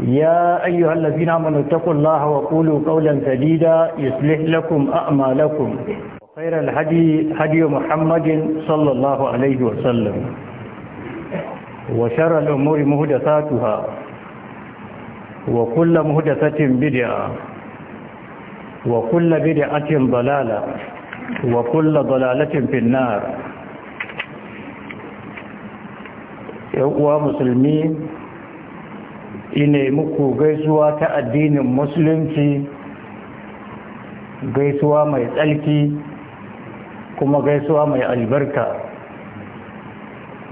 يا أيها الذين آمنوا اتقوا الله وقولوا قولا سديدا يصلح لكم أعمالكم خير الهدي هدي محمد صلى الله عليه وسلم وشر الأمور مهدثاتها وكل مهدثة بدعة وكل بدعة ضلالة وكل ضلالة في النار يقوى مسلمين ine muku gaisuwa ta addinin musulunci gaisuwa mai tsalki, kuma gaisuwa mai albarka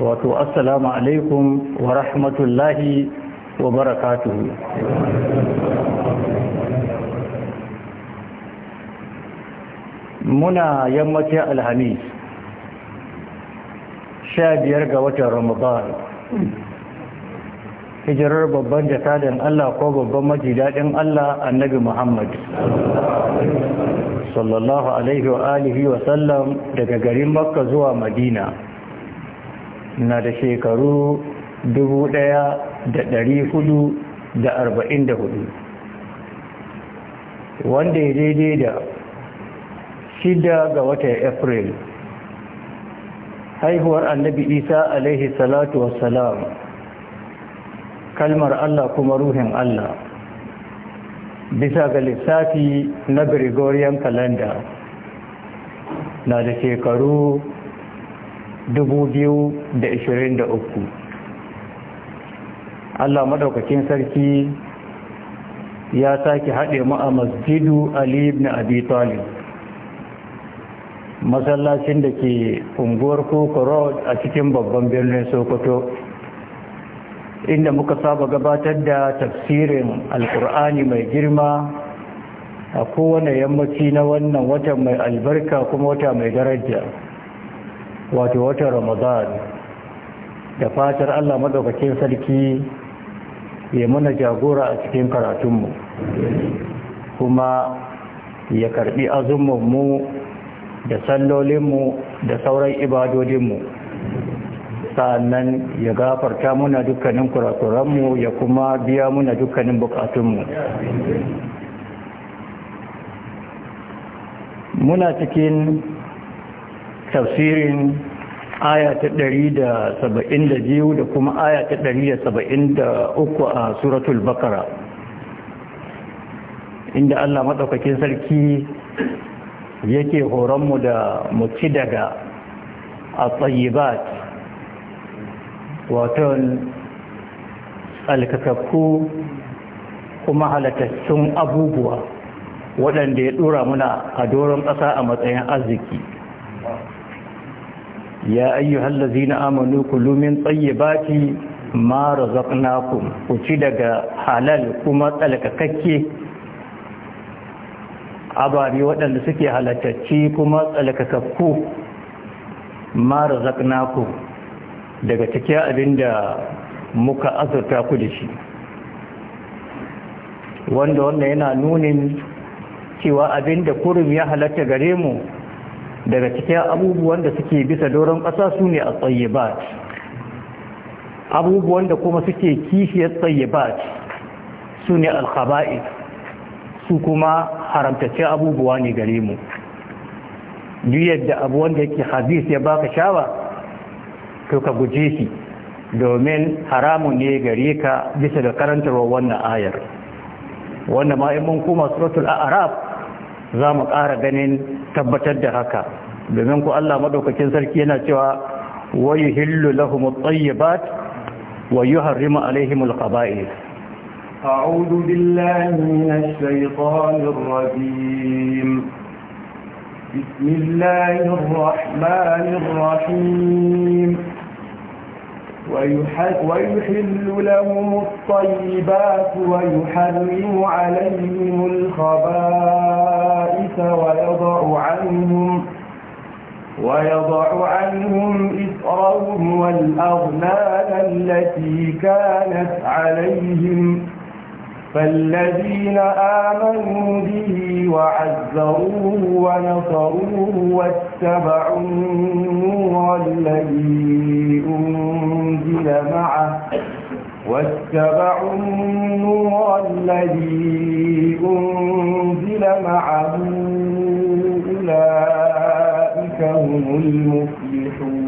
wato assalamu alaikum wa rahmatullahi wa barakatuhu muna yammaci alhamis sha biyar ga watan ramadan hijirar babban jakadan Allah ko babban maji daɗin Allah annabi Muhammad sallallahu alaihi wa alihi wa sallam daga garin Makka zuwa Madina na da shekaru 1444 wanda ya daidai da shida ga watan April haihuwar annabi Isa alaihi salatu wassalam kalmar Allah kuma ruhin Allah bisa ga lissafi na Gregorian calendar na da shekaru 2023 Allah maɗaukakin sarki ya sake haɗe mu a masjidu Ali ibn Abi Talib masallacin da ke unguwar Koko a cikin babban birnin Sokoto inda muka saba gabatar da tafsirin alkur'ani mai girma a kowane yammaci na wannan watan mai albarka kuma wata mai daraja wato wata ramadan da fatar allah madaukakin sarki ya mana jagora a cikin karatunmu kuma ya karbi mu da sallolinmu da sauran ibadodinmu sa'annan ya gafarta muna dukkanin kurakuranmu ya kuma biya muna dukkanin bukatunmu muna cikin tafsirin aya da 172 da kuma saba'in da 173 a suratul bakara inda Allah maɗaukakin sarki yake horonmu da mu ci daga a tsayibat waton alkakakku kuma halartaccen abubuwa waɗanda ya ɗora muna a doron ƙasa a matsayin arziki ya ayyuhal lazina amanu tsaye ba ki mara razaqnakum ku ci daga halal kuma tsalkakakke abari waɗanda suke halatacci kuma tsalkakakku mara razaqnakum daga cikin abin da muka azurta ku da shi wanda wannan yana nunin cewa abin da kurum ya halatta gare mu daga cikin abubuwan da suke bisa doron ƙasa su ne a tsayyabat abubuwan da kuma suke kishiyar tsayyabat su ne alkhaba'i su kuma haramtacce abubuwa ne gare mu duk yadda abu wanda yake hadis ya baka shawa to ka guje shi domin haramun ne gare ka bisa da karantarwa wannan ayar wanda ma in mun koma suratul a'raf za mu ƙara ganin tabbatar da haka domin ku Allah madaukakin sarki yana cewa wa yuhillu lahum at-tayyibat wa yuharrimu alaihim al-qaba'ith a'udhu billahi minash shaitanir rajim بسم الله الرحمن الرحيم ويحل لهم الطيبات ويحرم عليهم الخبائث ويضع عنهم ويضع عنهم إسرهم والأغلال التي كانت عليهم فالذين آمنوا به وعزروه ونصروه واتبعوا النور الذي أنزل معه واتبعوا النور الذي أنزل معه أولئك هم المفلحون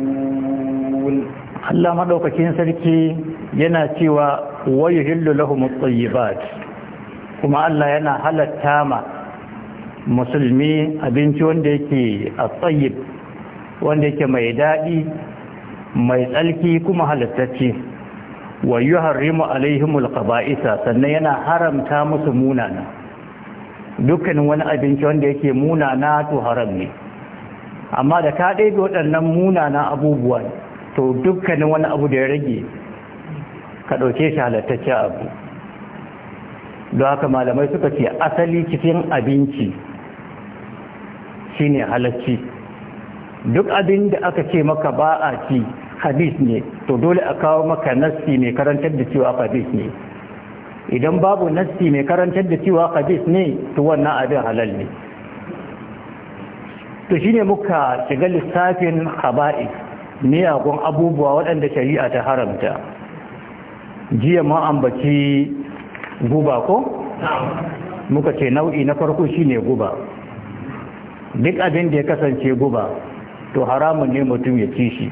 Allah madaukakin sarki yana cewa wayu hillu lahum at-tayyibat kuma Allah yana halatta ma musulmi abinci wanda yake at-tayyib wanda yake mai dadi mai tsalki kuma halattacce wa yuharrimu al qaba'isa sannan yana haramta musu munana dukkan wani abinci wanda yake munana to haram ne amma da ka ɗaiɗe waɗannan munana abubuwa to dukkanin wani abu da ya rage ka ɗauke shi halattacce abu don haka malamai suka ce asali cikin abinci shine halacci duk abin da aka ce maka ba a ci hadis ne to dole a kawo maka nassi mai karantar da cewa hadis ne idan babu nassi mai karantar da cewa hadis ne to wannan abin halal ne to shine muka shiga lissafin haba'is miyagun abubuwa waɗanda shari'a ta haramta jiya ma ambaci guba ko muka ce nau'i na farko shine guba duk abin da ya kasance guba to haramun ne mutum ya ci shi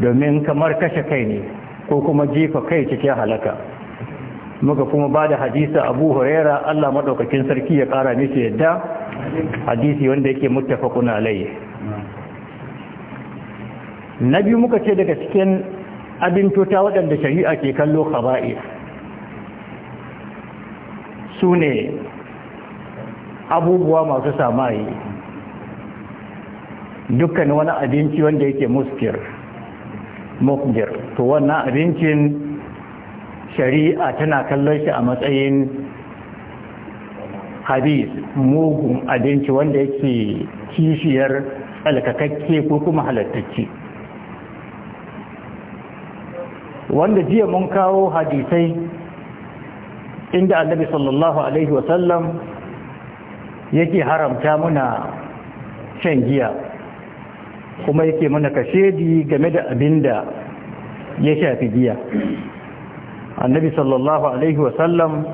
domin kamar kashe kai ne ko kuma jefa kai cikin halaka muka kuma ba da hadisa abu huraira allah maɗaukakin sarki ya ƙara mishi yadda hadisi wanda yake kuna laye na biyu muka ce daga cikin abin tuta waɗanda shari'a ke kallo kaba'i su ne abubuwa masu samayi dukkan wani abinci wanda yake muskir mukdir to wannan abincin shari'a tana kallon shi a matsayin hadis mugun abinci wanda yake kishiyar alkakakke ko kuma halattacce wanda jiya mun kawo hadisai inda annabi sallallahu alaihi wasallam yake haramta muna shan giya kuma yake muna kashedi game da abinda ya shafi giya annabi sallallahu alaihi wasallam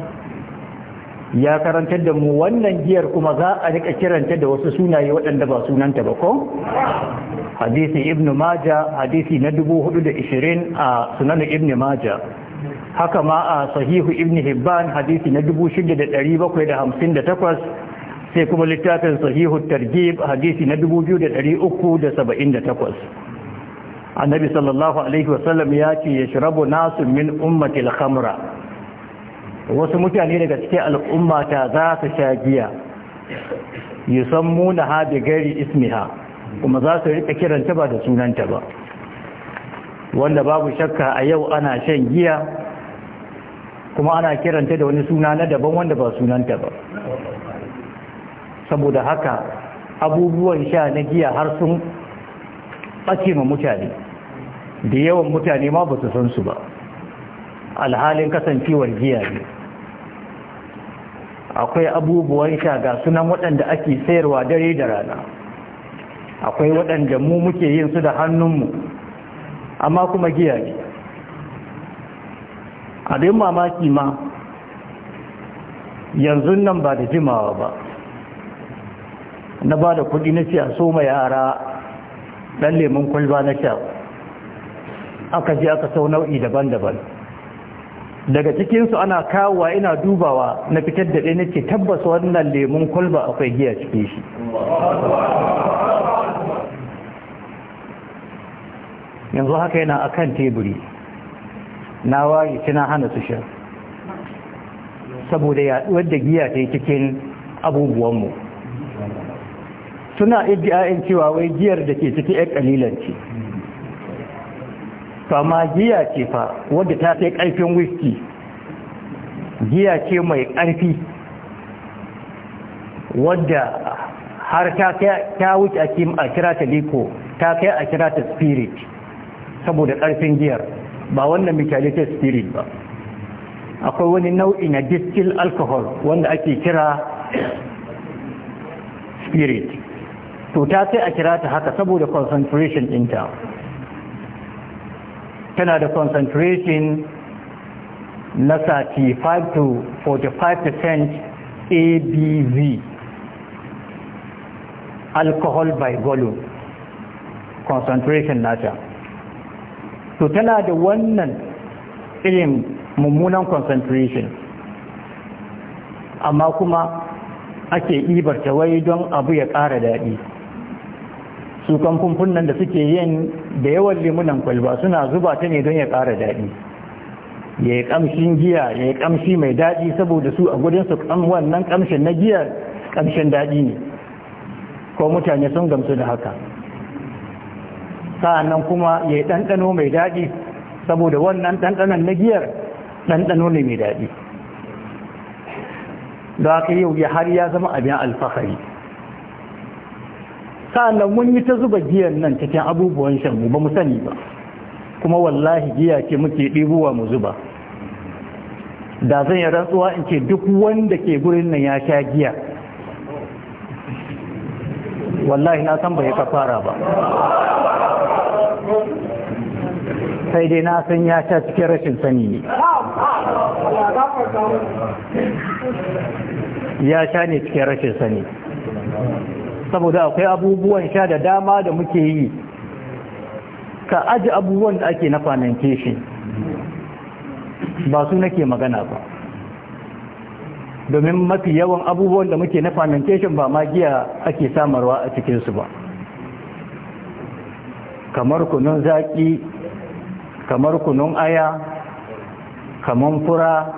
ya karantar da mu wannan giyar kuma za a rika kiranta da wasu sunaye waɗanda ba sunanta ba ko hadisi ibn maja hadisi na 420 a sunan ibn maja haka ma a sahihu ibn hibban hadisi na 6758 sai kuma littafin sahihu targhib hadisi na 2378 annabi sallallahu alaihi wasallam ya ce yashrabu nasu min ummatil al-khamra wasu mutane daga cikin al'umma ta za su sha giya muna ha da gari ismiha kuma za su rika kiranta ba da sunanta ba wanda babu shakka a yau ana shan giya kuma ana kiranta da wani suna na daban wanda ba sunanta ba saboda haka abubuwan sha na giya har sun ɓace ma mutane da yawan mutane ma ba su san su ba alhalin kasancewar giya ne akwai abubuwan sha ga sunan waɗanda ake sayarwa dare da rana akwai waɗanda mu muke yin su da hannunmu amma kuma giya ne A dai mamaki ma yanzu nan ba da jimawa ba na ba da kuɗi na ce so mai yara ɗan lemun kwalba na sha aka je aka sau nau'i daban-daban daga cikinsu ana kawowa ina dubawa na fitar da ɗaya nake tabbas wannan lemun kwalba akwai giya cike shi yanzu haka yana akan teburi na wari tana hana su sha saboda yaduwar da giya ta yi cikin abubuwanmu suna iddiyayen cewa wai giyar da ke ciki yan kalilanci fama ma giya ce fa wadda ta sai ƙarfin whisky giya ce mai ƙarfi wadda har ta wuce a kira ta liko ta kai a kira ta spirit saboda ƙarfin giyar ba wannan mechanical spirit ba akwai wani nau'i na distill alcohol wanda ake kira spirit to ta sai a kira ta haka saboda concentration ɗinta tana da concentration na 35 to 45% abv alcohol by volume concentration nata to tana da wannan irin mummunan concentration amma kuma ake ta wai don abu ya ƙara daɗi su kamfumfun nan da suke yin da yawan limunan kwalba suna zuba ta ne don ya ƙara daɗi ya yi ƙamshin giya ya yi ƙamshi mai daɗi saboda su a gudunsu wannan ƙamshin na giya ƙamshin daɗi ne ko mutane sun gamsu da haka sa'annan kuma ya yi ɗanɗano mai daɗi saboda wannan ɗanɗanon na giyar ɗanɗano ne mai daɗi da aka yi har ya zama abin alfahari sa'annan mun yi ta zuba giyan nan cikin abubuwan shan mu ba mu sani ba kuma wallahi giya ce muke ɗibuwa mu zuba da zan yi rantsuwa in ce duk wanda ke gurin nan ya sha giya wallahi na san bai ka fara ba sai dai na san ya sha cikin rashin sani ne ya sha ne cikin rashin sani saboda akwai abubuwan sha da dama da muke yi ka aji abubuwan da ake na shi ba su nake magana ba domin mafi yawan abubuwan da muke na shi ba magiya ake samarwa a cikinsu ba kamar kunun zaki, kamar kunun aya kamar fura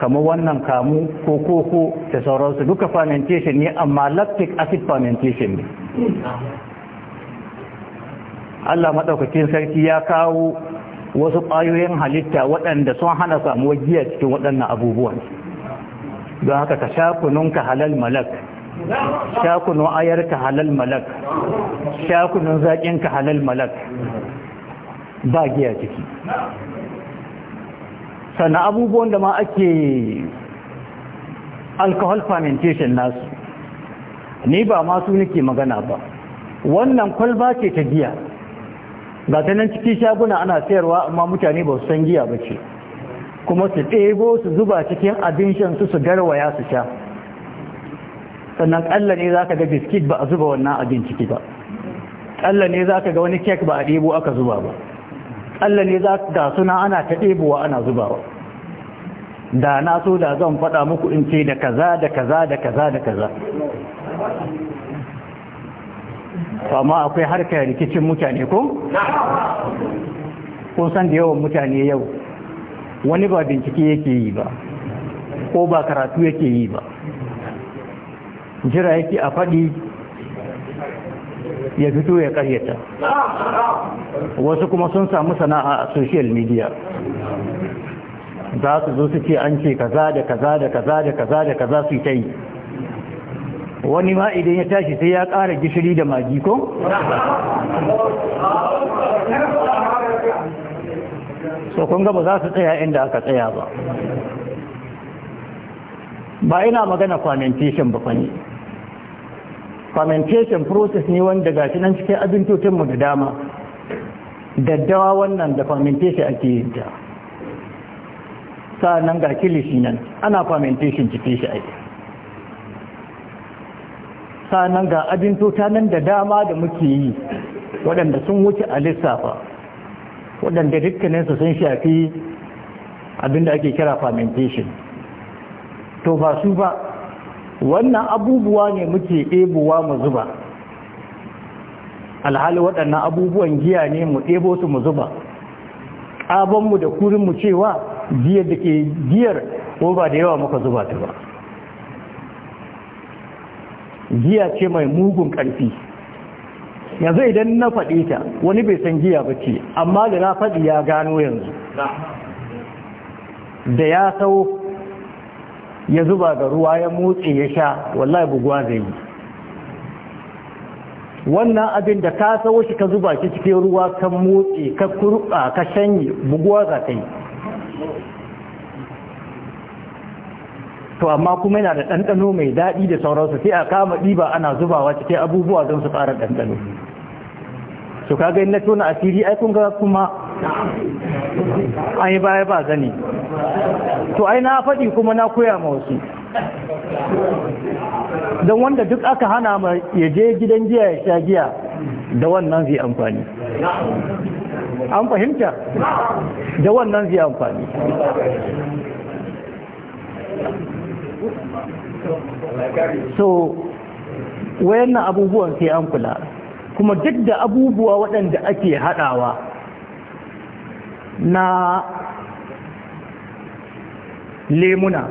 kamar wannan kamu ko koko da sauransu duka fermentation ne amma lactic acid fermentation ne Allah maɗaukakin sarki ya kawo wasu ƙwayoyin halitta waɗanda sun hana samuwar giya cikin waɗannan abubuwan don haka ka sha ka halal malak sha kunun ayarka halal malak sha kunun zaƙinka halal malak ba giya ciki sannan abubuwan da ma ake alcohol fermentation nasu ni ba masu nake magana ba wannan kwalba ce ta giya ga ta nan cikin shaguna ana sayarwa amma mutane ba su san giya ba ce kuma su ɗebo su zuba cikin abin shan su su garwaya su sha sannan ƙalla ne za ka ga biskit ba a zuba wannan abin ciki ba ƙalla ne za ka ga wani kek ba a ɗebo aka zuba ba ƙalla ne za ka ga suna ana ta ɗebowa ana zubawa da na so da zan faɗa muku in ce da kaza da kaza da kaza da kaza amma akwai harkar rikicin mutane ko? kun san da yawan mutane yau wani ba bincike yake yi ba ko ba karatu yake yi ba jira yake a faɗi ya fito ya ƙaryata wasu kuma sun samu sana'a a social media za su zo su ce an ce kaza da kaza da kaza da kaza da kaza su ta yi wani ma idan ya tashi sai ya ƙara gishiri da magi ko? so kun gaba za su tsaya inda aka tsaya ba ba ina magana fomentation ba fani fomentation process ne wanda ga nan cikin abin mu da dama daddawa wannan da fomentation ake yin ta sa'annan ga kilishi nan ana fermentation cike shi aiki sa'annan ga abincota nan da dama da muke yi waɗanda sun wuce a lissafa waɗanda su sun shafi abinda ake kira fermentation to ba su ba wannan abubuwa ne muke ɗebowa mu zuba alhali waɗannan abubuwan giya ne mu ɗebo su mu zuba ƙabanmu da kurinmu cewa Jiya da ke giyar ko ba da yawa muka zuba ta ba giya ce mai mugun ƙarfi yanzu idan na faɗi ta wani bai san giya ba ce amma da na faɗi ya gano yanzu da ya sau ya zuba ga ruwa ya motsi ya sha wallahi buguwa zai yi wannan abin da ka sau shi ka zuba shi cikin ruwa kan motsi ka kurɓa ka shanye buguwa za ta yi to amma kuma yana da ɗanɗano mai daɗi da sauransu sai a kama ɗiba ana zubawa cikin abubuwa don su ƙara ɗanɗano su kaga na asiri ai kun ga kuma an yi baya ba gani to ai na faɗi kuma na koya ma wasu don wanda duk aka hana ma ya je gidan giya ya sha giya da wannan zai amfani an fahimta da wannan zai amfani so wayannan abubuwan sai an kula kuma duk da abubuwa waɗanda ake haɗawa na lemuna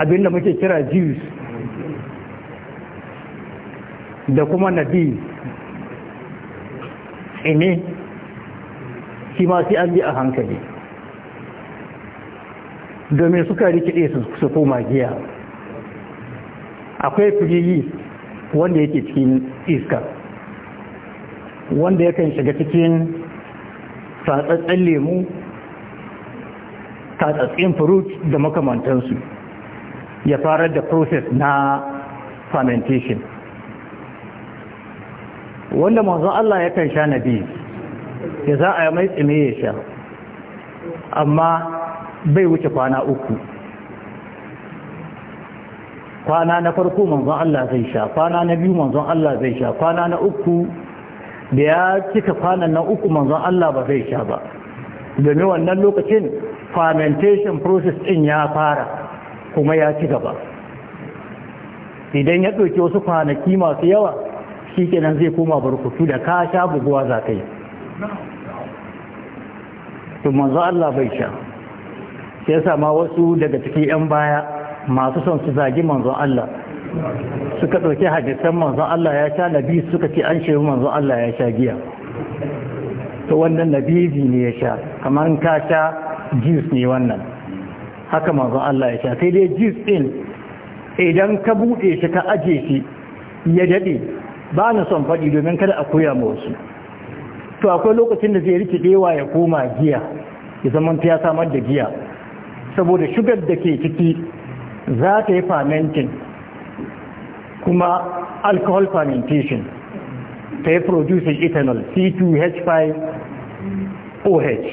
abinda muke kira juice da kuma nabi ime shi ma sai an bi a hankali domin suka rikide su koma giya akwai firiyi wanda yake cikin iska wanda yakan shiga cikin tsatsatsen lemu tsatsatsen fruit da makamantansu ya fara da process na fermentation wanda mazan Allah ya kan sha nabi ya za a yi mai tsime ya sha amma bai wuce kwana uku kwana na farko manzon Allah zai sha kwana na biyu manzon Allah zai sha kwana na uku da ya cika kwanan na uku manzon Allah ba zai sha ba domin wannan lokacin fermentation process din ya fara kuma ya ci gaba idan ya ɗauki wasu kwanaki masu yawa shi kenan zai koma barkutu da ka sha buguwa za ka yi manzo Allah bai sha shi ya wasu daga cikin 'yan baya masu son su zagi manzon Allah suka ɗauki hadisan manzon Allah ya sha nabi suka ce an shehu manzon Allah ya sha giya to wannan nabizi ne ya sha kamar ka sha juice ne wannan haka manzon Allah ya sha sai dai juice ɗin idan ka buɗe shi ka aje shi ya daɗe ba na son faɗi domin kada a koya ma wasu to akwai lokacin da zai rikidewa ya koma giya ya zama ya samar da giya saboda shugar da ke ciki za ta yi fermenting kuma alcohol fermentation ta yi producing ethanol C2H5OH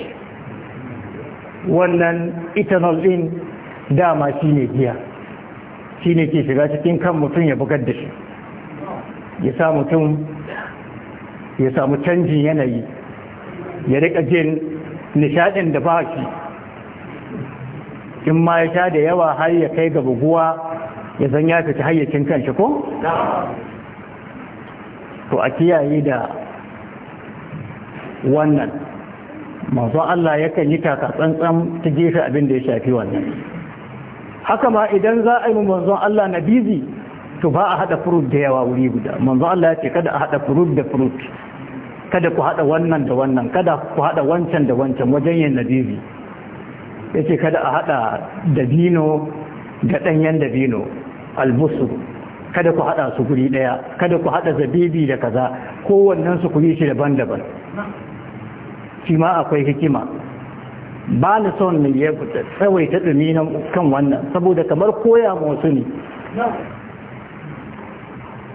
wannan ethanol din dama shi ne giya shi ne ke shiga cikin kan mutum ya bugar da shi ya sa mutum ya samu canjin yanayi ya rika jin nishadin da ba shi in ma ya sha da yawa har ya kai ga buguwa ya san ya fita hayyacin kanshi ko? to a kiyaye da wannan masu Allah yakan yi taka tsantsan ta gefe abin da ya shafi wannan haka ma idan za a yi manzon Allah na bizi to ba a haɗa furut da yawa wuri guda manzon Allah ya ce kada a haɗa furut da furut kada ku haɗa wannan da wannan kada ku haɗa wancan da wancan wajen yin nabizi ya ce kada a haɗa dabino da ɗanyen dabino albusu kada ku haɗa su guri ɗaya kada ku haɗa zabibi da kaza kowannen su kuri shi daban-daban shi ma akwai hikima ba ni son ne ya tsawaita ɗumi na kan wannan saboda kamar koya masu ne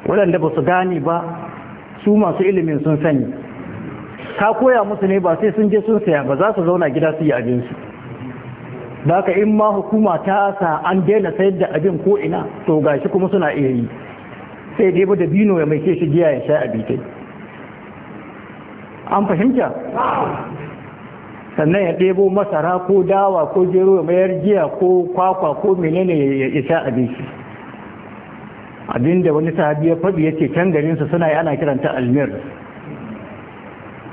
waɗanda ba su gane ba su masu ilimin sun sani ka koya musu ne ba sai sun je sun saya ba za su zauna gida su yi abinsu da haka in ma hukuma ta sa an daina sayar da abin ko ina to gashi kuma suna iya yi sai dai da bino ya mai ke shi giya ya sha abitai an fahimta sannan ya ɗebo masara ko dawa ko gero ya mayar giya ko kwakwa ko menene ya sha abinci abinda wani sahabi ya faɗi ya ce can garinsa suna yi ana kiranta almir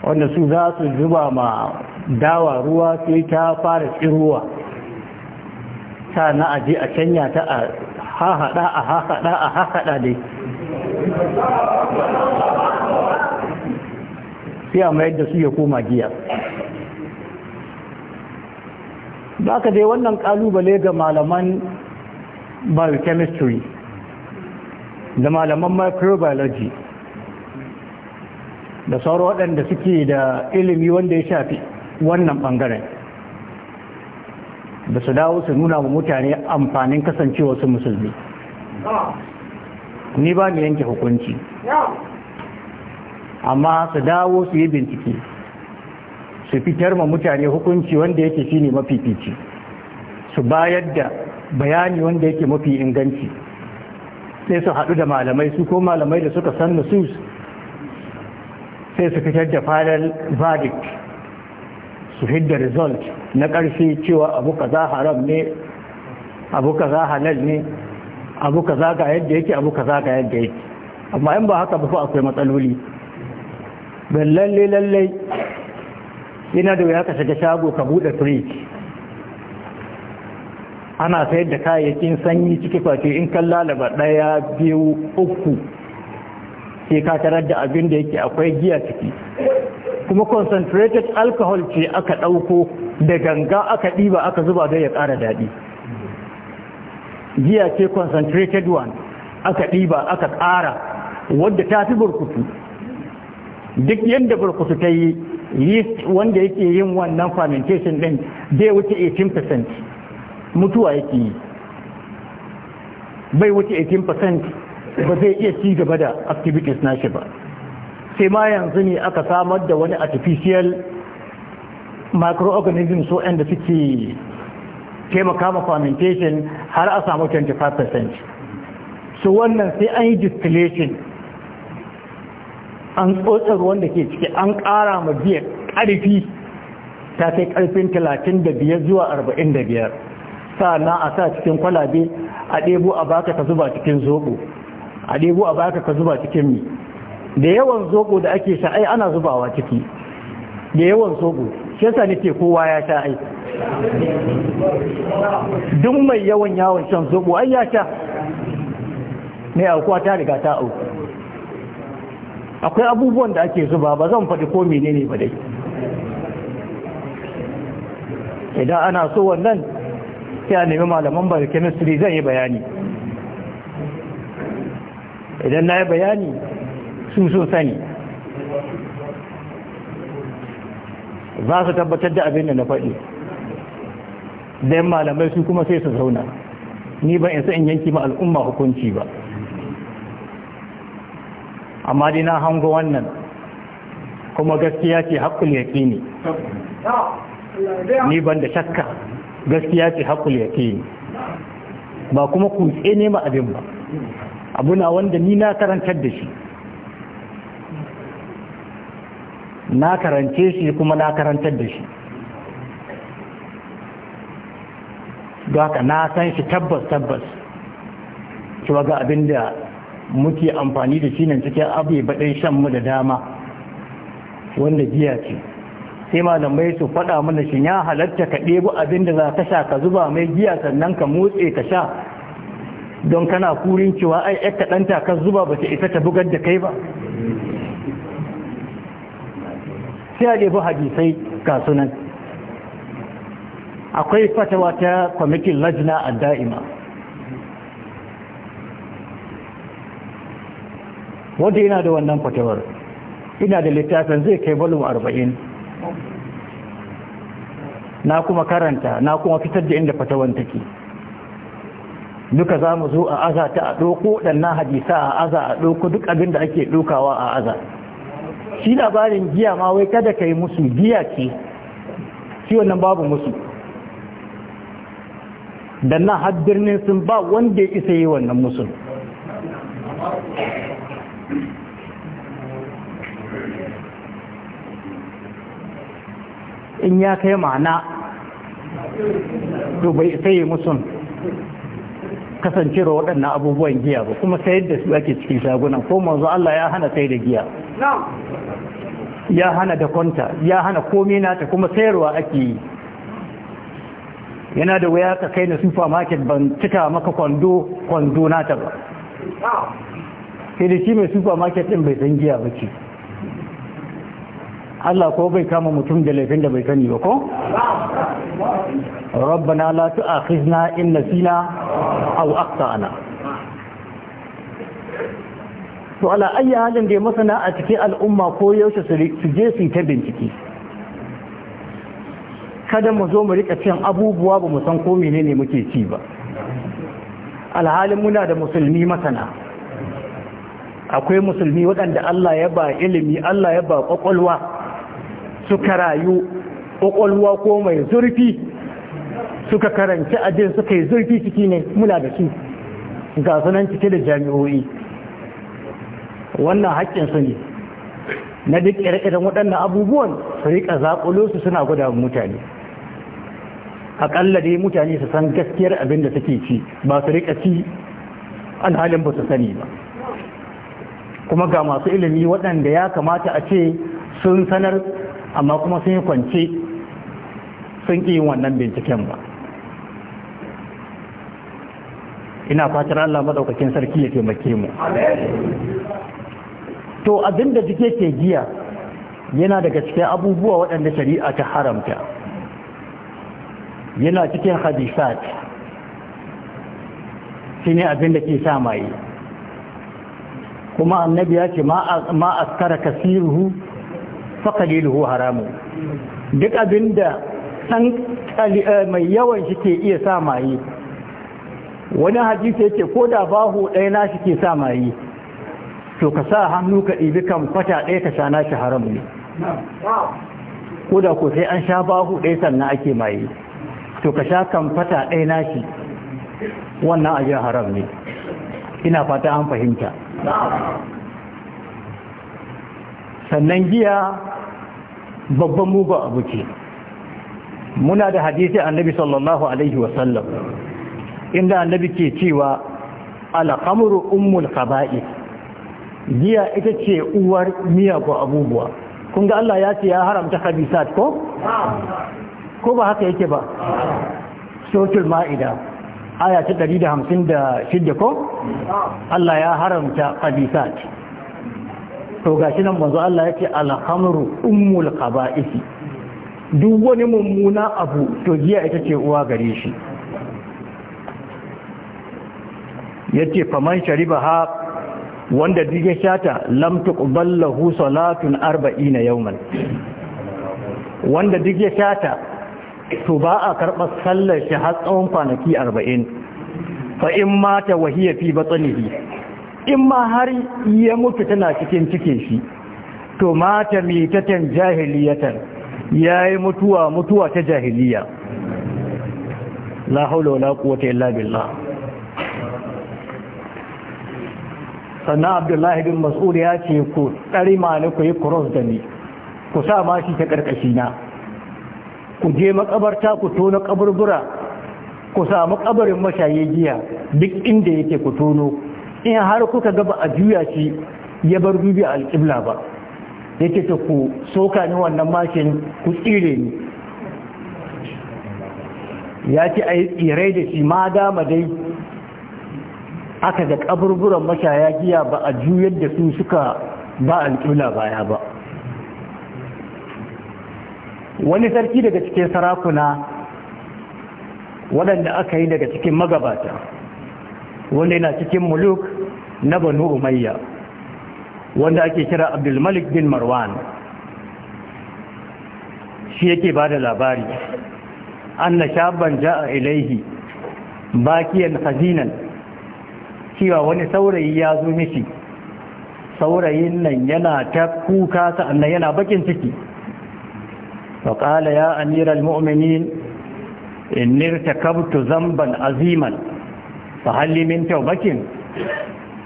wanda su za su zuba ma dawa ruwa sai ta fara tsiruwa sa na aje a canya ta a hahaɗa a hahaɗa a hahaɗa dai sai a mayar da su ya koma giya ba ka dai wannan kalubale ga malaman biochemistry da malaman microbiology da sauran waɗanda suke da ilimi wanda ya shafi wannan ɓangaren Da su dawo su nuna wa mutane amfanin kasancewa su musulmi ni ba mu yanke hukunci amma su dawo su yi bincike su fitar ma mutane hukunci wanda yake shine mafifici su bayar da bayani wanda yake mafi inganci sai su haɗu da malamai su ko malamai da suka san nusus sai su fitar da falal verdict su hidda result na ƙarshe cewa abu ka za haram ne abu ka za halal ne abu ka za ga yadda yake abu ka za ga yadda yake amma in ba haka ba fa akwai matsaloli ban lalle lalle yana da wuya ka shiga shago ka buɗe fridge ana sayar da kayayyakin sanyi ciki kwace in kan lalaba ɗaya biyu uku sai ka tarar da abin da yake akwai giya ciki kuma concentrated alcohol ce aka ɗauko da ganga aka ɗiba aka zuba don ya ƙara daɗi giya ce concentrated one aka ɗiba aka ƙara wadda ta fi burkutu duk yadda burkutu ta yi yeast wanda yake yin wannan fermentation ɗin dai wuce 18% mutuwa yake yi bai wuce 18% ba zai iya ci gaba da activities nashi ba sai ma yanzu ne aka samar da wani artificial microorganism so da suke taimaka ma fermentation har a samu 25% so wannan sai an yi distillation an tsotsar wanda ke ciki an ƙara ma biyar karfi ta kai ƙarfin 35 zuwa 45 sa'annan a sa cikin kwalabe a ɗebo a baka ka zuba cikin zobo a ɗebo a baka ka zuba cikin mi da yawan zobo da ake sha ai ana zubawa ciki da yawan zobo shi yasa nake kowa ya sha ai duk mai yawan yawan shan zobo ai ya sha mai aukuwa ta riga ta auku akwai abubuwan da ake zuba ba zan faɗi ko menene ba dai idan ana so wannan sai a nemi malaman chemistry zan yi bayani idan na yi bayani su sun sani za su tabbatar da abin da na faɗi da malamai su kuma sai su zauna ni ba in sa in yanki ma al'umma hukunci ba amma dina hango wannan kuma gaskiya ce haƙƙul ya ne ni ban da shakka gaskiya ce haƙƙul ke ne ba kuma kutse ne ma abin ba abu na wanda ni na karantar da shi na karance shi kuma na karantar da shi haka na san shi tabbas tabbas cewa ga abin da muke amfani da shi nan cikin abu baɗin shan mu da dama wanda giya ce sai malamai su faɗa mana shi ya halatta ka ɗebo abin da za ka sha ka zuba mai giya sannan ka motse ka sha don kana kurin cewa ai ɗan kaɗanta ka zuba ba ta isa ta bugar da kai ba sai a hadisai ga sunan akwai fatawa ta kwamitin Lajna a da'ima wanda yana da wannan fatawar ina da littafin zai kai balu arba'in na kuma karanta na kuma fitar da inda fatawan take duka za mu zo a aza ta a ɗoko ɗannan hadisa a aza a ɗoko duk abin da ake ɗokawa a aza shi labarin giya ma wai kada ka yi musu giya ce shi wannan babu musu da nan har birnin sun ba wanda ya isa yi wannan musu in ya kai ma'ana to bai isa yi musun kasancewa waɗannan abubuwan giya ba kuma sayar da su ake cikin shagunan ko manzo Allah ya hana sai da giya ya hana da kwanta ya hana komai nata kuma sayarwa ake yi yana da waya ka kai na supermarket ban cika maka kwando kwando nata ba sai da shi mai supermarket din bai san giya ba ce Allah ko bai kama mutum da laifin da bai sani ba ko rabbana la tu'akhizna in nasina aw akhtana to ala ayi halin da masana a cikin al'umma ko yaushe su je su ta bincike kada mu zo mu rika cin abubuwa ba mu san ko menene muke ci ba alhalin muna da musulmi masana akwai musulmi waɗanda Allah ya ba ilimi Allah ya ba ƙwaƙwalwa suka rayu ƙwaƙwalwa ko mai zurfi suka karanci ajin suka yi zurfi ciki ne mula da shi ga sunan cike da jami'o'i wannan haƙƙin su ne na duk ire-iren waɗannan abubuwan su riƙa zaƙulo su suna gwada mutane aƙalla dai mutane su san gaskiyar abin da suke ci ba su riƙa ci alhalin ba su sani ba kuma ga masu ilimi waɗanda ya kamata a ce sun sanar amma kuma sun yi kwance sun ƙi yin wannan binciken ba ina fatar Allah madaukakin sarki ya taimake mu to abin da jike ke giya yana daga cikin abubuwa waɗanda shari'a ta haramta yana cikin hadisat shi ne da ke sa maye kuma annabi ya ce ma askara kasiruhu faƙaliluhu haramu duk abinda da eh, mai yawan shi ke iya sa maye wani hadisi yake ko da bahu ɗaya nashi ke sa mayi to ka sa hannu ka ɗibi kan kwata ɗaya ka sha nashi haram ne ko da ko sai an sha bahu ɗaya sannan ake mayi to ka sha kan kwata ɗaya nashi wannan ajiyar haram ne ina fata an fahimta sannan giya babban mugu abu ce muna da hadisi annabi sallallahu alaihi wasallam inda annabi ke cewa alhamru ummul khaba'i giya ita ce uwar miyagun abubuwa kun ga Allah ya ce ya haramta khabisat ko ko ba haka yake ba suratul ma'ida aya ta 156 ko Allah ya haramta khabisat to gashi nan manzo Allah ya ce alhamru ummul khaba'isi duk wani mummuna abu to giya ita ce uwa gare shi yace faman sharibaha wanda duk shata lam tuqbal salatun 40 yawman wanda duk shata to ba a karɓar sallar shi har tsawon kwanaki 40 fa in mata wahiya fi batnihi in ma har ya mutu tana cikin cikin shi to mata mitatan jahiliyatan yayi mutuwa mutuwa ta jahiliya la haula wala quwwata illa billah sannan abdullahi bin mas'ud ya ce ku ma mani ku yi cross da ni ku sa mashi ta ƙarƙashi na ku je makabarta ku tono kaburbura ku samu kabarin mashaye giya duk inda yake ku tono in har kuka gaba a juya shi ya bar dubi alƙibla ba yake ta ku soka ni wannan mashin ku tsire ni ya ce a yi tsirai da shi ma dama dai aka ga kaburburan mashaya giya ba a juyar da su suka ba alƙibla baya ba wani sarki daga cikin sarakuna waɗanda aka yi daga cikin magabata wanda yana cikin muluk na banu umayya wanda ake kira abdulmalik bin marwan shi yake ba da labari an na shaban a ilaihi bakiyan hazinan cewa wani saurayi ya zo mishi saurayin nan yana ta kuka sa'annan yana bakin ciki faƙala ya amiral mu'minin innir takabtu zamban aziman fa halli min taubakin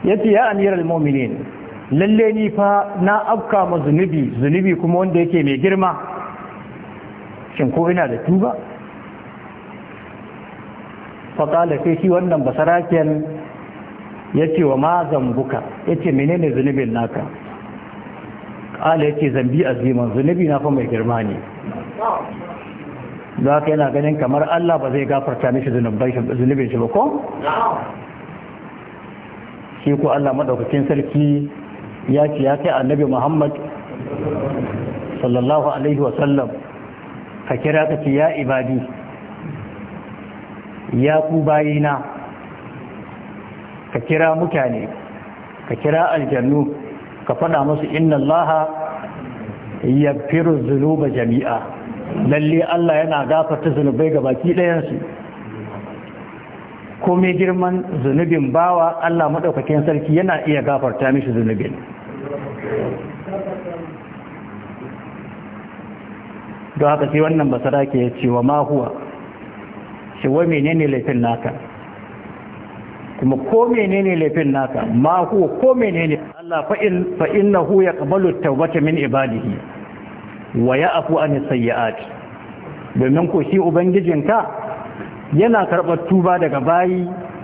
yace ya amiral mu'minin lalle ni fa na afka ma zunubi zunubi kuma wanda yake mai girma shin ko ina da tuba faƙala sai shi wannan basaraken ya ce wa ma zambuka ya ce menene zunubin naka ƙala ya ce zambi aziman zunubi na fa mai girma ne za ka yana ganin kamar Allah ba zai gafarta mishi zunubin shi ba ko? shi ko Allah maɗaukacin sarki ya ce ya kai annabi Muhammad sallallahu alaihi wasallam ka kira ka ce ya ibadi ya ku bayina ka kira mutane ka kira aljannu ka faɗa musu inna allaha yaghfiru dhunuba jami'a lalle Allah yana gafarta zunubai ga baki ɗayansu komai girman zunubin bawa Allah maɗaukakin sarki yana iya gafarta mishi zunubin don haka sai wannan basara ke cewa ma huwa shi wa menene laifin naka kuma ko menene laifin naka ma huwa ko menene Allah fa in fa innahu yaqbalu tawbata min ibadihi wa ya'fu an sayyi'at domin ko shi ubangijinka yana karɓar tuba daga bayi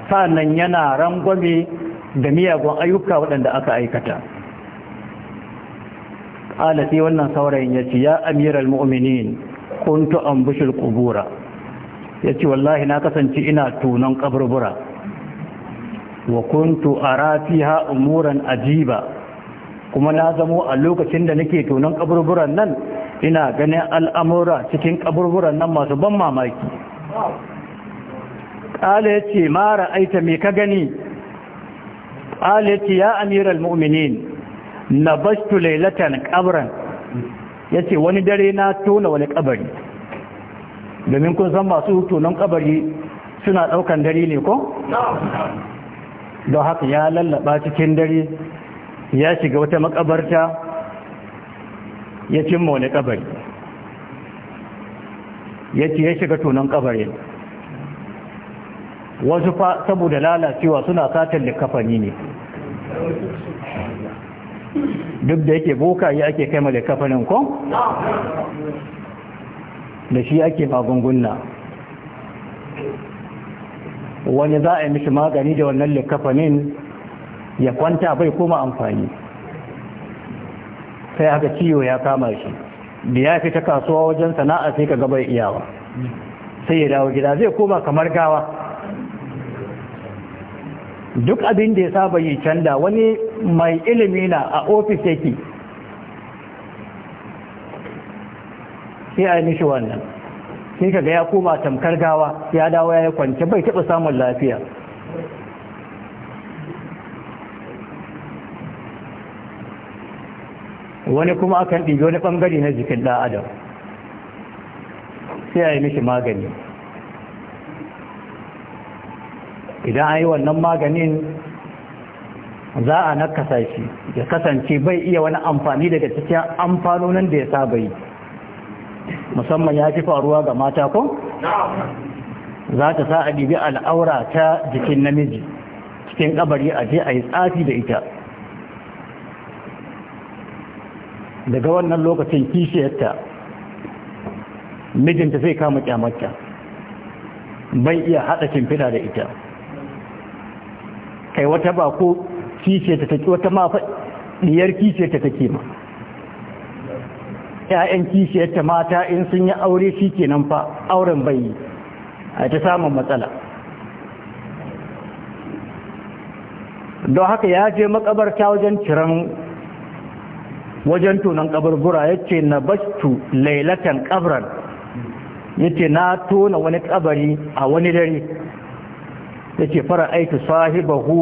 sannan yana rangwame da miyagun ayyuka waɗanda aka aikata ala sai wannan saurayin ya ce ya amiral mu'minin kuntu an bushil kubura ya ce wallahi na kasance ina tunan kaburbura wa kuntu ara fiha umuran ajiba kuma na zamo a lokacin da nake tonon kaburburan nan ina ganin al'amura cikin kaburburan nan masu ban mamaki ƙala ya ce mara aita mai ka gani ƙala ya ce ya amiral mu'minin na bashtu lailatan ƙabran ya ce wani dare na tona wani ƙabari domin kun san masu tonon ƙabari suna ɗaukan dare ne ko? don haka ya lallaba cikin dare ya shiga wata makabarta ya cimma wani kabari ya ce ya shiga tunan kabari wasu fa saboda lalacewa suna satar da kafani ne duk da yake boka ya ake kai da kafanin ko da shi ake magunguna wani za a yi mishi magani da wannan likafanin ya kwanta bai kuma amfani sai haka ciwo ya kama shi da ya fi ta kasuwa wajen sana'a sai ka gaba iyawa sai ya dawo gida zai koma kamar gawa duk abin da ya saba yi canda wani mai ilimi na a ofis yake sai a yi mishi wannan sai ga ya koma tamkar gawa ya dawo ya yi kwance bai taɓa samun lafiya wani kuma akan ɗin wani ɓangare na jikin ɗan adam sai a yi mishi magani idan a yi wannan maganin za a nakasa shi ya kasance bai iya wani amfani daga cikin amfanonin da ya saba yi musamman ya fi faruwa ga mata ko za ta sa a bibi al'aura ta jikin namiji cikin kabari a je a yi tsafi da ita daga wannan lokacin kishiyarta mijinta zai kama kyamarta bai iya haɗa shimfiɗa da ita kai wata ba ko kishiyarta ta ke, wata ma diyar kishiyarta ta ke ma 'ya'yan kishiyarta mata in sun yi aure shi ke nan fa auren bai yi a ta samun matsala don haka ya je makabarta wajen ciran wajen tunan kaburbura ya ce na bastu lailatan kabran ya ce na tona wani kabari a wani dare ya ce fara aiki sahibahu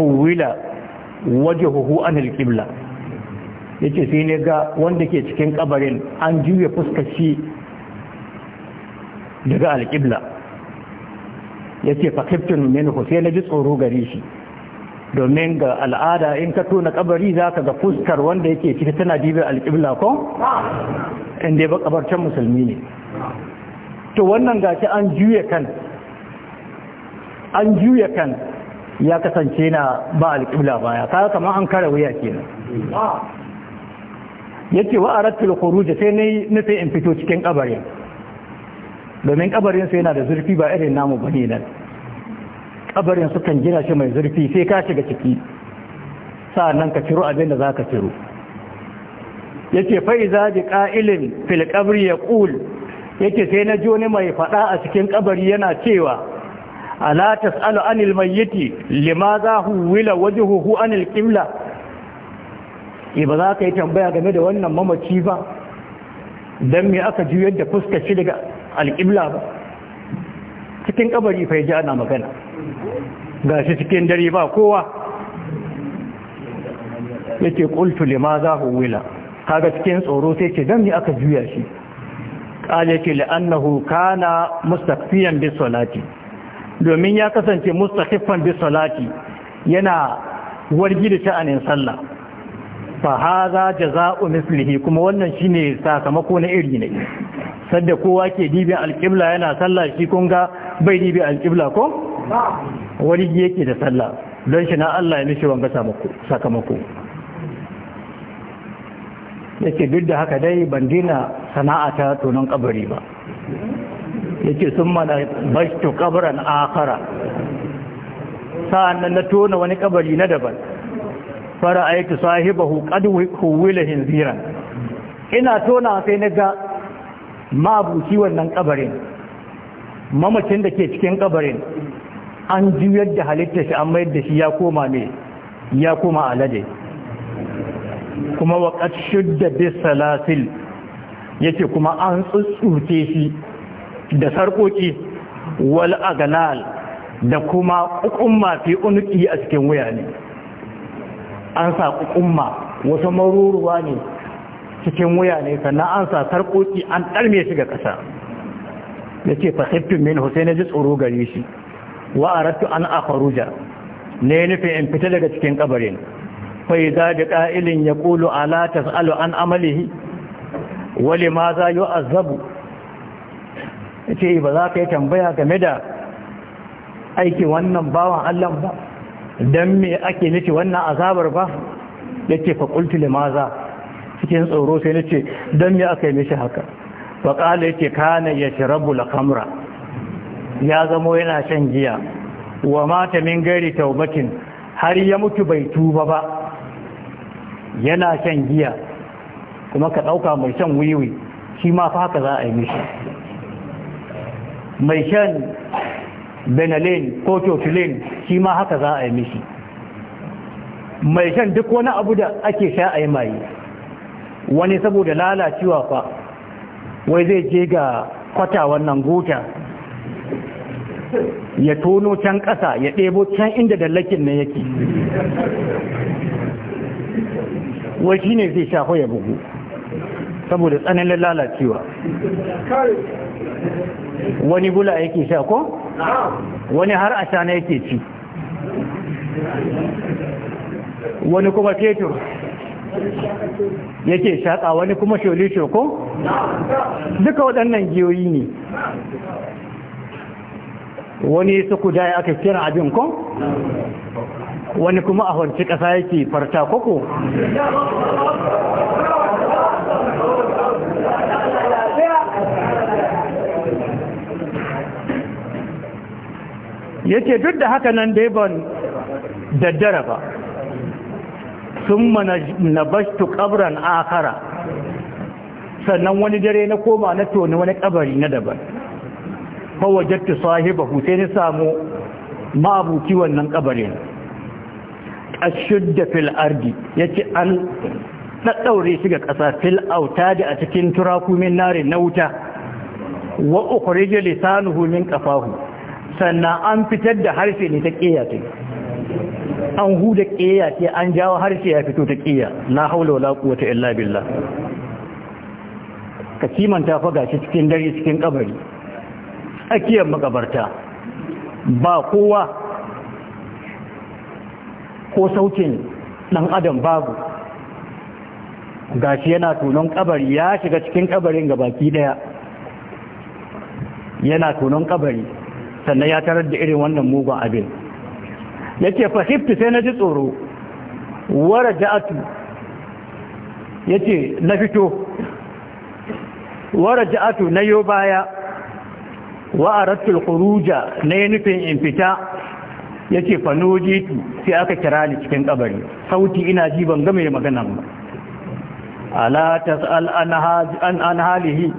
huwila waje huhu an alƙibla Ya ce sai ne ga wanda ke cikin kabarin an juya fuskar daga alƙibla yace fa kiftun menuhu sai na ji tsoro gare shi domin ga al'ada in ka tona kabari za ka ga fuskar wanda yake ciki tana dibin alƙibla ko? inda ya bakabarcen musulmi ne to wannan gaki an juya kan an juya kan ya kasance na ba alƙibla baya kaya kamar an kare wuya kenan yace wa aratul khuruj sai yi nufi in fito cikin kabarin domin kabarin sai yana da zurfi ba irin namu ba ne nan kabarin kan gina shi mai zurfi sai ka shiga ciki sa'annan ka ciro abin da zaka ciro yace fa iza ji qa'ilin fil qabri yaqul yake sai na joni mai faɗa a cikin kabari yana cewa ala tasalu anil mayyiti limaza huwila wajhuhu anil qibla Eh, ba za ka yi tambaya game da wannan mamaci ba don me aka juyar da fuska shi daga al’ibla ba cikin kabari fai ji ana magana ga shi cikin dare ba kowa yake ƙultu lima za huwila kaga cikin tsoro sai ce don me aka juya shi ƙale ke la'annahu kana mustafiyan bi salati domin ya kasance mustafifan bi salati yana wargi da sha'anin sallah fa haza jaza'u mislihi kuma wannan shine sakamako na iri ne sadda kowa ke dibi alqibla yana sallah shi kun ga bai dibi alqibla ko wani yake da sallah don shi na Allah ya mishi wanga sakamako yake duk da haka dai ban sana'a ta tonon kabari ba yake sun mana bashtu kabaran akara sa'an nan na tona wani kabari na daban fara'aitu sahibahu qad huwila zira. ina tona sai na ga mabuci wannan kabarin mamacin da ke cikin ƙabarin, an juyar da halitta shi an mayar da shi ya koma ne ya koma alade kuma waƙat shudda bis salasil yake kuma an tsutsurce shi da sarkoki wal aganal, da kuma ƙunma fi unuki a cikin wuya ne an sa kukumma wasu maruruwa ne cikin wuya ne sannan an sa sarkoki an ɗarme shi ga ƙasa ya ce fasiftun min hussein ji tsoro gari shi wa a rattu an a ne nufin in fita daga cikin ƙabarin. fai za da ƙa'ilin ya ƙulu latas alu an amalihi wale ma za yi azabu ya ce eh, ba za ka yi tambaya game da aiki wannan bawan allah ba dan me ake nake wannan azabar ba yake fa qultu limaza cikin tsoro sai nace dan me aka yi mishi haka fa qala yake kana yashrabu al-khamra ya zamo yana shan giya wa mata min gari taubatin har ya mutu bai tuba ba yana shan giya kuma ka ɗauka mai shan wiwi shi ma fa haka za a yi mishi mai shan benelin ko totulin shi ma haka za a yi mishi mai shan duk wani abu da ake sha a yi maye wani saboda lalacewa fa wai zai je ga kwata wannan guta ya tono can ƙasa ya ɗebo can inda dallakin nan yake wai shi ne zai sha ya bugu saboda tsananin lalacewa wani bula yake sha ko wani har a shana yake ci wani kuma fetur yake shaƙa wani kuma sholi shoko duka waɗannan giyoyi ne wani suku ya aka kira abin ko wani kuma a horci ƙasa yake farta koko yake duk da haka nan dai ban daddara ba sun na bashtu kabran akara sannan wani dare na koma na toni wani ƙabari na daban fawajattu sahibahu sai ni samu ma'abuki wannan kabarin da fil ardi ce an ɗaɗɗaure shi ga ƙasa fil da a cikin turakumin nare na wuta wa ukhrija lisanuhu min ƙafahu sannan an fitar da harshe ne ta ƙeya ce an huda ƙeya ce an jawo harshe ya fito ta ƙeya na haula wala ta illa billah ka ta faga shi cikin dare cikin a tsakiyar makabarta ba kowa ko saukin ɗan adam babu gashi yana tunan ƙabari. ya shiga cikin ƙabarin ga baki ɗaya. yana tunan ƙabari. sannan ya tarar da irin wannan mugun abin yace fa hifti sai na ji tsoro wara ja'atu na fito wara ja'atu na yo baya wa aradtu al na nufin in fita yake fa tu sai aka kira ni cikin kabari sauti ina ji ban ga mai magana ba ala tasal an an halihi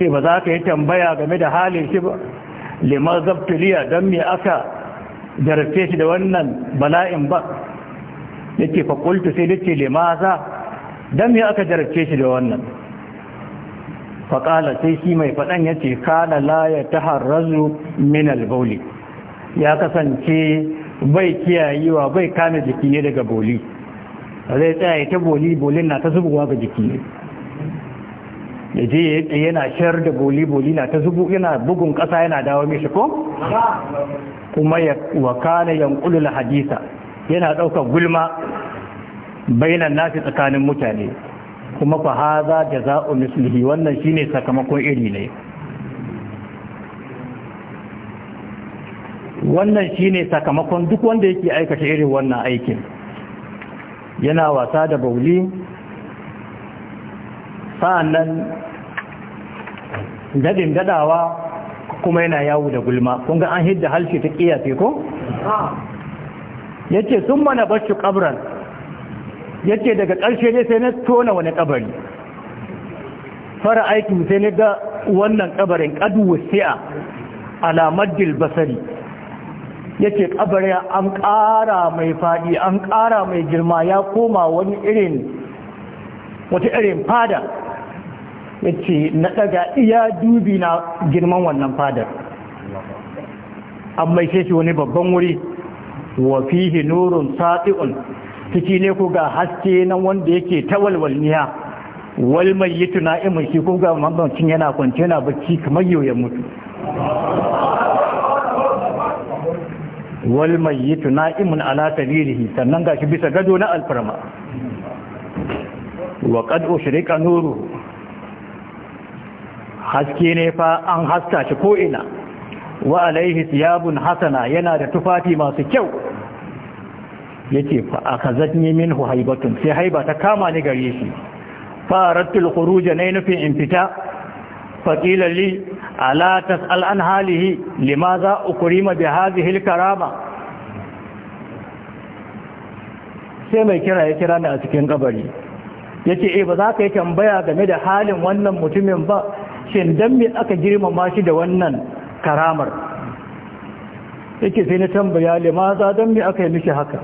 sai ba za ka yi tambaya game da halin shi ba lima zabtuliya don me aka jarfe shi da wannan bala'in ba yake fakultu sai dace lima za don me aka jarabce shi da wannan faƙala sai shi mai faɗan ya ce kana la ta harrazu min albauli ya kasance bai kiyayewa bai kame jiki ne daga boli zai tsaya ta boli bolin na ta zubuwa ga jiki ne da je yana shayar da boli-boli na ta zubu yana bugun ƙasa yana dawo mishi ko kuma ya wakana na hadisa yana ɗaukar gulma bainan nasi tsakanin mutane kuma fa haza da za'u musulhi wannan shine sakamakon iri ne wannan shine sakamakon duk wanda yake aikata irin wannan aikin yana wasa da bauli sa'annan daɗin daɗawa kuma yana yawo da gulma kun ga an hidda halshe ta ƙiyafe ko? ya ce sun mana barci ƙabran ya ce daga ƙarshe ne sai na tona wani ƙabari fara aiki sai na ga wannan ƙabarin ƙadu wasi'a alamaddil basari ya ce ƙabari an ƙara mai faɗi an ƙara mai girma ya koma wani irin wata irin fada ya na ɗaga iya dubi na girman wannan fadar an maishe shi wani babban wuri wafihi fihi nurun sati'un ciki ne ku ga haske na wanda yake ta walwalniya wal mayyitu na'imun shi ku ga mamacin yana kwance yana bacci kamar yoyon mutu wal mayyitu na'imun ala tabirihi sannan gashi bisa gado na alfarma wa qad ushrika nuru haske ne fa an haska shi ko'ina wa alaihi siyabun hasana yana da tufafi masu kyau yake fa aka zanyi min huhaibatun sai haiba ta kama ni gare shi faratul na yi nufin in fita faqila li ala tasal an halihi limaza ukrima bi hadhihi alkarama sai mai kira ya kira ni a cikin kabari yace eh ba za ka yi tambaya game da halin wannan mutumin ba shin dan me aka girmama shi da wannan karamar yake sai na tambaya limaza dan me aka yi mishi haka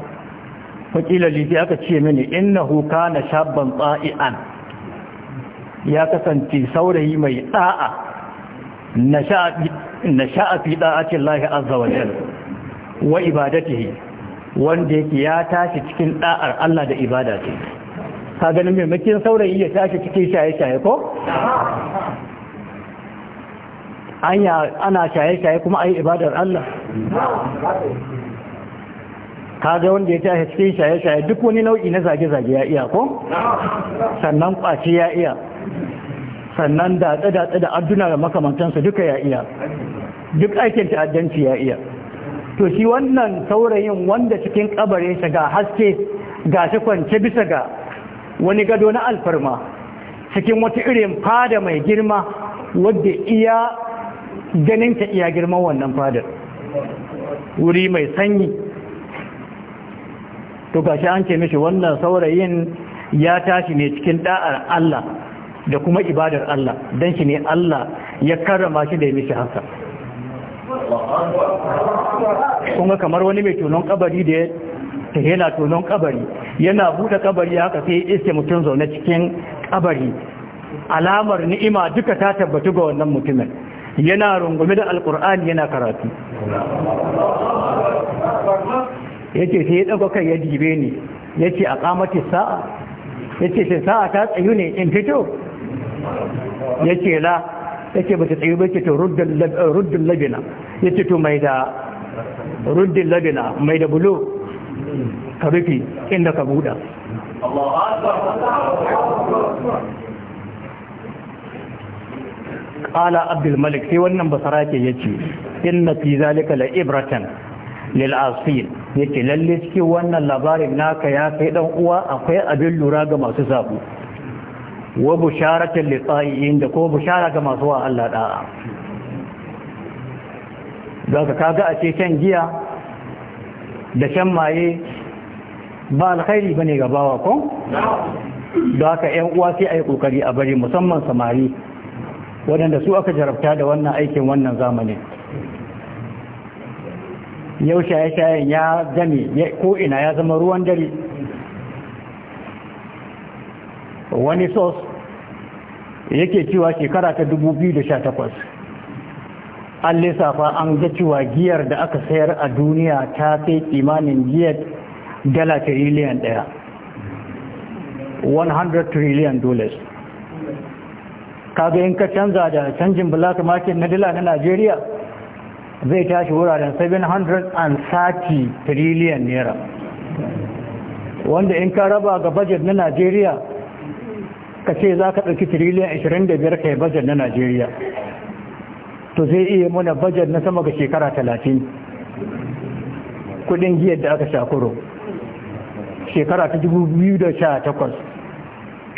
fakila liji aka ce mini innahu kana shabban tsa'ian ya kasance saurayi mai da'a nasha'a fi da'atin lahi azza wa jalla wa ibadatihi wanda yake ya tashi cikin da'ar Allah da ibada ce ka ganin maimakin saurayi ya tashi cikin shaye-shaye ko hanya ana shaye-shaye kuma a yi ibadar Allah kaga wanda ya tashi cikin shaye-shaye duk wani nau'i na zage-zage ya iya ko sannan kwaci ya iya sannan datsa-datsa da adduna da makamantansa duka ya iya duk aikin ta'addanci ya iya to shi wannan saurayin wanda cikin kabarin shi ga haske ga shi kwance bisa ga wani gado na alfarma cikin wata irin fada mai girma wadda iya ganin ta iya girman wannan fadar wuri mai sanyi to gashi an ce mishi wannan saurayin ya tashi ne cikin da'ar Allah da kuma ibadar Allah don shi ne Allah ya karrama shi da ya mishi haka kuma kamar wani mai tunon kabari da ta yana tonon kabari yana buɗe kabari haka sai iske mutum zaune cikin kabari alamar ni'ima duka ta tabbatu ga wannan mutumin yana rungume da alkur'ani yana karatu ya ce sai ya ɗaga kai ya dibe ni ya ce a ƙamata sa'a ya ce sai sa'a ta tsayu ne in fito ya ce la ya ce ba ta tsayu ba ce to ruddin labina ya ce to mai da ruddin labina mai da bulo ka rufi inda ka buɗa kala Abdulmalik sai wannan basara ke yace inna fi zalika la ibratan lil asil yace lalle cikin wannan labarin naka ya kai dan uwa akwai abin lura ga masu sabu wa busharatan li tsayin da ko bushara ga masu wa Allah da'a daga kaga a ce shan giya da shan maye ba alkhairi bane ga bawa ko da haka 'yan uwa sai a yi ƙoƙari a bari musamman samari waɗanda su aka jarabta da wannan aikin wannan zamani. yau shaye-shayen ya zame ko'ina ya zama ruwan dare wani sos yake cewa shekara ta 2018 an lissafa an ga cewa giyar da aka sayar a duniya ta fi imanin giyar dala tiriliyan daya 100 trillion dollars kaga in ka canza da canjin black market na dila na Najeriya zai tashi wuraren 730 trillion naira wanda in ka raba ga budget na Najeriya ka ce za ka ɗauki trillion 25 ka yi budget na Najeriya to zai iya muna budget na sama ga shekara 30 kudin giyar da aka shakuro shekara ta 2018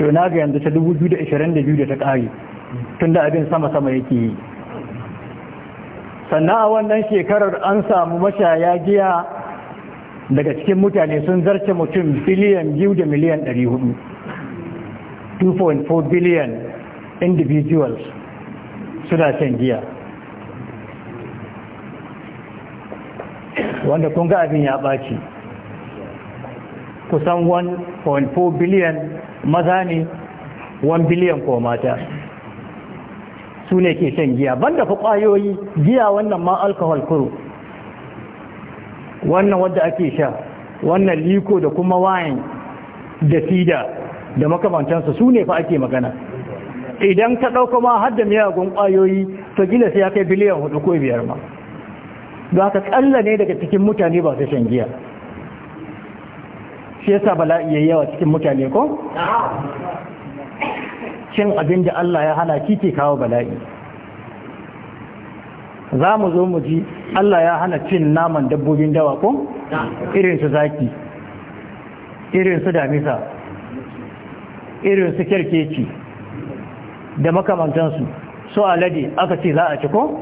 to na ga yanzu ta 2022 da ta ƙari tunda abin sama-sama yake yi sannan a wannan shekarar an samu mashaya giya daga cikin mutane sun zarce mutum biliyan biyu da miliyan 400 2.4 biliyan individuals suna shan giya wanda kun ga abin ya ɓaci kusan 1.4 biliyan maza ne 1 biliyan ko mata su ne ke shan giya banda fa kwayoyi giya wannan ma alcohol kuro wannan wadda ake sha wannan liko da kuma wine da sida da makamantansa su ne fa ake magana idan ka ɗauka ma har da miyagun kwayoyi to gina sai ya kai biliyan hudu ko biyar ma za ka tsalla ne daga cikin mutane ba su shan giya shi yasa bala'i yayi yawa cikin mutane ko cin abin da Allah ya hana ki ke kawo bala'i za mu zo mu ji Allah ya hana cin naman dabbobin dawa ko irin su zaki irin su damisa irin su kyarkeci da makamantansu su alade aka ce za a ci ko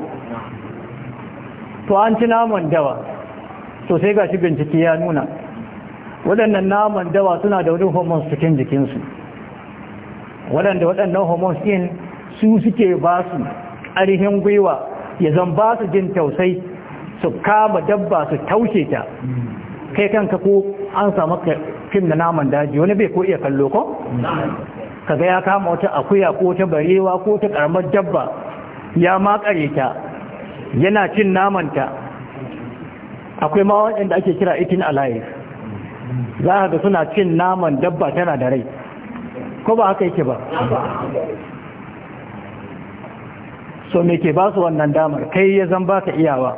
to an ci naman dawa to sai ga shi bincike ya nuna waɗannan naman dawa suna da wani hormones cikin jikinsu waɗanda waɗannan hormones ɗin su suke ba su ƙarihin gwiwa ya zan ba su jin tausai su kama dabba su taushe ta kai kanka ko an samu fim da naman daji wani bai ko iya kallo ko kaga ya kama wata akuya ko wata barewa ko wata karamar dabba ya makare ta yana cin namanta akwai ma waɗanda ake kira itin alive za ka ga suna cin naman dabba tana da rai ko ba haka yake ba so me ke ba su wannan damar kai ya zan baka iyawa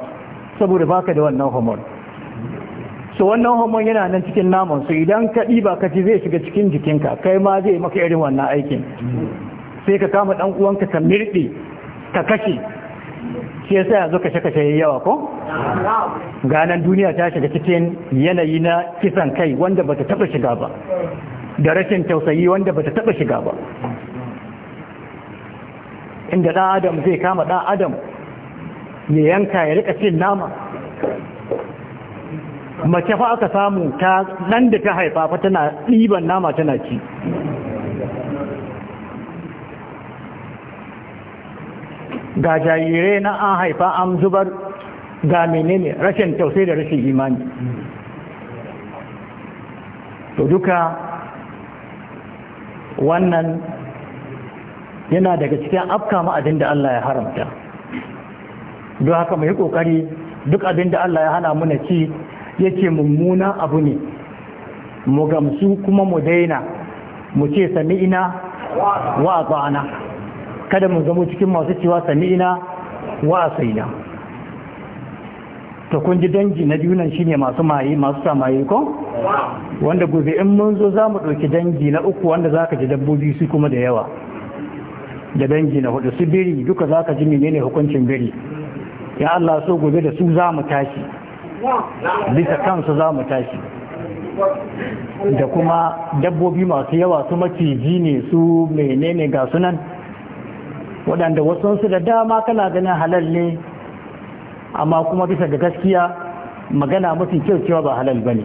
saboda baka da wannan hormone so wannan hormone yana nan cikin naman su idan ka ɗiba ka ci zai shiga cikin jikinka kai ma zai maka irin wannan aikin sai ka kama ɗan uwanka ka mirɗe ka kashe shi yasa yanzu kashe kashe yawa ko ganan duniya ta shiga cikin yanayi na kisan kai wanda bata taɓa shiga ba da rashin tausayi wanda ba ta taɓa shiga ba inda ɗan adam zai kama ɗan adam ya yanka ya rika cin nama mace fa aka samu ta nan da ta haifa fa tana ɗiban nama tana ci ga jarirai na an haifa an zubar ga menene rashin tausayi da rashin imani to duka wannan yana daga cikin afka ma da Allah ya haramta don haka mu yi kokari duk abin da Allah ya hana mu ci yake mummuna abu ne mu gamsu kuma mu daina mu ce sami'ina wa ata'ana kada mu zama cikin masu cewa sami'ina wa asaina to kun ji dangi na duniya shine masu maye masu samaye ko wanda gobe in mun zo za mu ɗauki dangi na uku wanda za ka ji dabbobi su kuma da yawa da dangi na hudu su biri duka za ka ji menene hukuncin biri ya Allah so gobe da su za mu tashi bisa kansu za mu tashi da kuma dabbobi masu yawa su maciji ne su menene ga sunan waɗanda wasu da dama kana ganin halal ne amma kuma bisa ga gaskiya magana mafi kyau cewa ba halal bane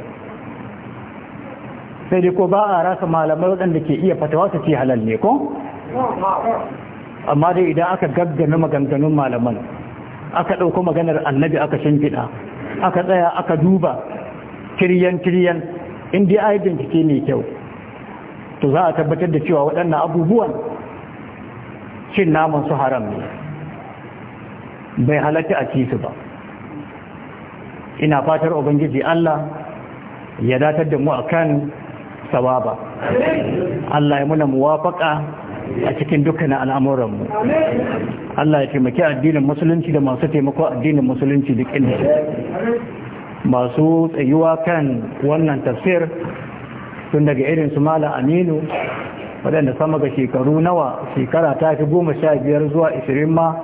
sai dai ko ba a rasa malamai waɗanda ke iya fatawa su ce halal ne ko amma dai idan aka gaggana maganganun malaman aka ɗauko maganar annabi aka shimfiɗa aka tsaya aka duba kiryan-kiryan inda yi bincike mai kyau to za a tabbatar da cewa waɗannan abubuwan cin naman su haram ne bai halatta a kisu ba ina fatar ubangiji Allah ya datar da mu akan sawaba Allah ya muna muwafaka a cikin dukkanin mu. Allah ya taimaki addinin musulunci da masu taimako addinin musulunci duk inda masu tsayuwa kan wannan tafsir tun daga irin su mala aminu waɗanda sama ga shekaru nawa shekara ta fi goma sha biyar zuwa ishirin ma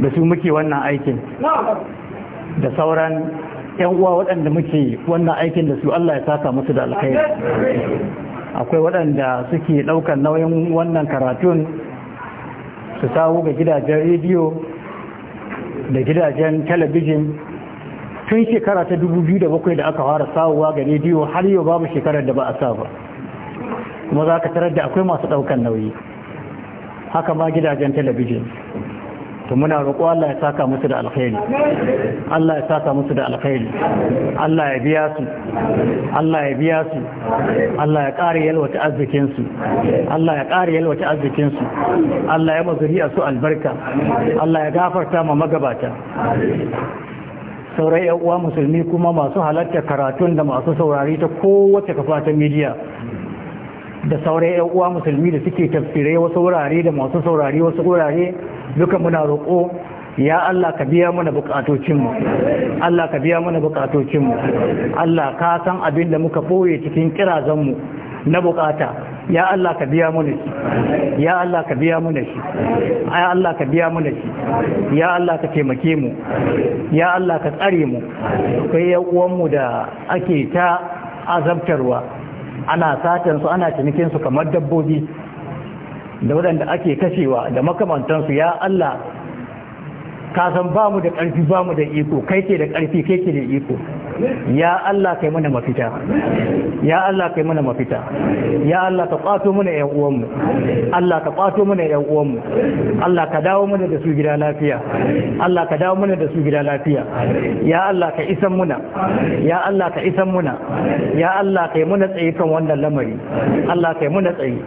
da su muke wannan aikin da sauran yan uwa waɗanda muke wannan aikin da su Allah ya saka musu da alkai akwai waɗanda suke ɗaukar nauyin wannan karatun su sawo ga gidajen rediyo da gidajen talabijin tun shekara ta 2007 da aka fara sawowa ga rediyo har yau babu shekarar da ba a sa ba kuma za ka tarar da akwai masu ɗaukar nauyi haka ma gidajen talabijin to muna roƙo Allah ya saka musu da alkhairi Allah ya saka musu da alkhairi Allah ya biya su Allah ya biya su Allah ya ƙara ta arzikin su Allah ya ƙara ta arzikin su Allah ya a su albarka Allah ya gafarta ma magabata saurai uwa musulmi kuma masu halatta karatun da masu saurari ta kowace kafa ta midiya da sauran yan uwa musulmi da suke tafsirai wasu wurare da masu saurari wasu wurare duka muna roƙo ya Allah ka biya mana bukatocinmu Allah ka biya mana bukatocinmu Allah ka san abin da muka ɓoye cikin kirazanmu na bukata ya Allah ka biya mana shi ya Allah ka biya mana shi ya Allah ka biya mana shi ya Allah ka taimake mu ya Allah ka tsare mu akwai yan uwanmu da ake ta azabtarwa ana satan su ana cinikin su kamar dabbobi da waɗanda ake kashewa da makamantansu ya Allah ka san ba da ƙarfi ba da iko kai ke da ƙarfi kai ke da iko ya Allah kai mana mafita ya Allah kai mana mafita ya Allah ka kwato mana ƴan uwanmu Allah ka kwato mana ƴan uwanmu Allah ka dawo mana da su gida lafiya Allah ka dawo mana da su gida lafiya ya Allah ka isan muna ya Allah ka isan muna ya Allah kai muna tsayi kan wannan lamari Allah kai muna tsayi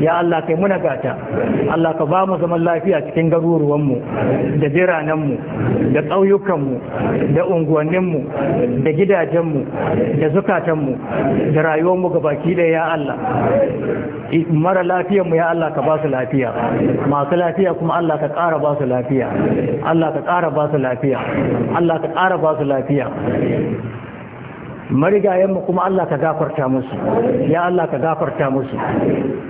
ya Allah kai muna gata Allah ka ba mu zaman lafiya cikin garuruwanmu da biranenmu da ƙauyukanmu da unguwanninmu da gidajenmu da zukatanmu da rayuwarmu ga baki da ya Allah mara lafiyarmu ya Allah ka ba su lafiya masu lafiya kuma Allah ka ƙara ba su lafiya Allah ka ƙara ba su lafiya Allah ka ƙara ba su lafiya marigayenmu kuma Allah ka gafarta musu ya Allah ka gafarta musu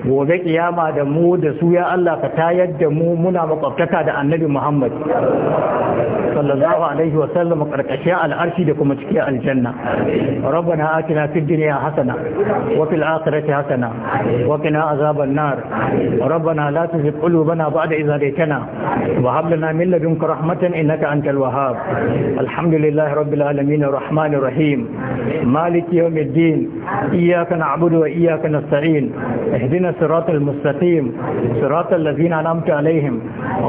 gobe kiyama da mu da su ya Allah ka tayar da mu muna makwabtaka da annabi Muhammad sallallahu alaihi wa sallam karkashin al'arshi da kuma cikin aljanna rabbana atina fid dunya hasana wa fil akhirati hasana wa qina azaban nar rabbana la tuzigh qulubana ba'da idh hadaytana wa hab lana min ladunka rahmatan innaka antal wahhab alhamdulillahi rabbil alamin arrahmanir rahim مالك يوم الدين إياك نعبد وإياك نستعين اهدنا صراط المستقيم صراط الذين أنعمت عليهم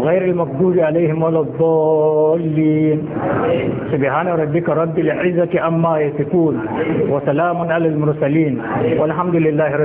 غير المقبول عليهم ولا الضالين سبحان ربك رب العزة عما يصفون وسلام على المرسلين والحمد لله رب